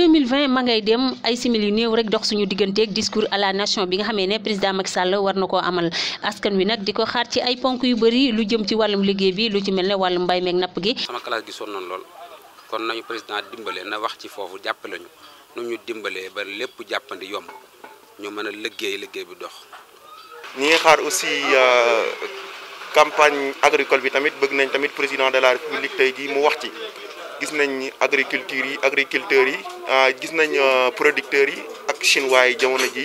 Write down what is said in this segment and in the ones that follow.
2020 ma ngay dem ay simili néew rek dox suñu digganteeg discours à la nation bi nga xamee ne président Macky Sall war na koo amal askan wi nag di ko xaar ci ay ponk yu bëri lu jëm ci wàllum liggéey bi lu ci mel ne wàllum mbay meeg napp gi. sama classe gi sonnoon lool kon nañu président dimbale na wax ci foofu jàppale ñu nu ñu dimbalee ba lépp jàppandi yomb ñu mën a liggéey liggéey bi dox. ñi ngi xaar aussi euh, campagne agricole bi tamit bëgg nañ tamit président gis nañ agriculture yi agriculteurs yi ah, gis nañ euh, producteur yi ak chinois yi jamono ji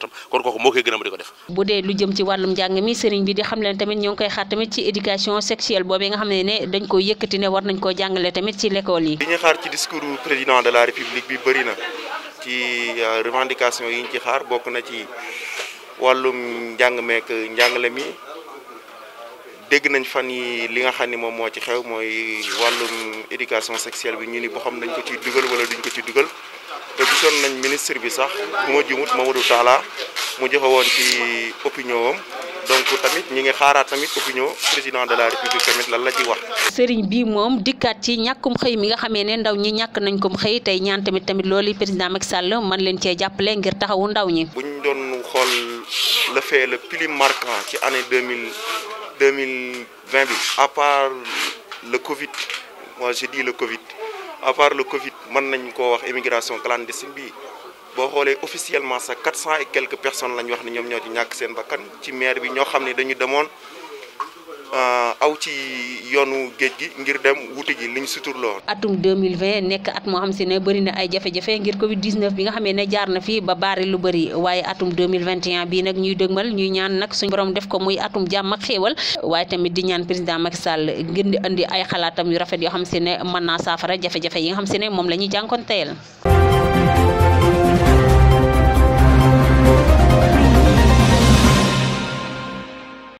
njabootam kon kooku moo koy gën a di ko def bu dee lu jëm ci wàllum njàng mi sëriñ bi di xam leen tamit ñoo ngi koy xaar tamit ci éducation sexuelle boobee nga xam ne ne dañ ko yëkkati ne war nañ ko jàngale tamit ci l'école yi li ñu xaar ci discours président de la république na ci euh, revendication yi ñu ci bokk na ci wàllum njàng njàngale mi dégg nañ fan yi li nga xam ni moom moo ci xew mooy wàllum éducation sexuelle bi ñu ni boo xam nañ ko ciy dugal wala duñ ko ci dugal te gisoon nañ ministre bi sax bu ma jumut Mamadou Talla mu joxe woon ci opinion am donc tamit ñi ngi xaaraat tamit opinion président de la république tamit lan la ci wax. sëriñ bi moom dikkaat ci ñàkkum xëy mi nga xamee ne ndaw ñi ñàkk nañ ko xëy tey ñaan tamit tamit loolu président Macky Sall man leen cee jàppale ngir taxawu ndaw ñi. bu ñu doon xool le fait le plus marquant ci année deux mille deux mille vingt bi à part le Covid moi je dis le Covid. à part le Covid mën nañ koo wax immigration clandestine bi boo xoolee officiellement sax quatre cent et quelques personnes la ñu wax ne ñoom ñoo ci ñàkk seen bakkan ci maire bi ñoo xam ne dañu demoon Euh, aw ci yoonu géej gi ngir dem wuti ji liñ suturloo. atum nekk at moo xam si ne bëri na ay jafe-jafe ngir Covid 19 bi nga xamee ne jaar na fi ba baare lu bëri waaye atum 2021 bii nag ñuy dëgmal ñuy ñaan nag suñu boroom def ko muy atum jàmm ak xéewal waaye tamit di ñaan président Macky Sall ngir di indi ay xalaatam yu rafet yoo xam si ne mën naa saafara jafe-jafe yi nga xam si ne moom la ñuy jànkonteel.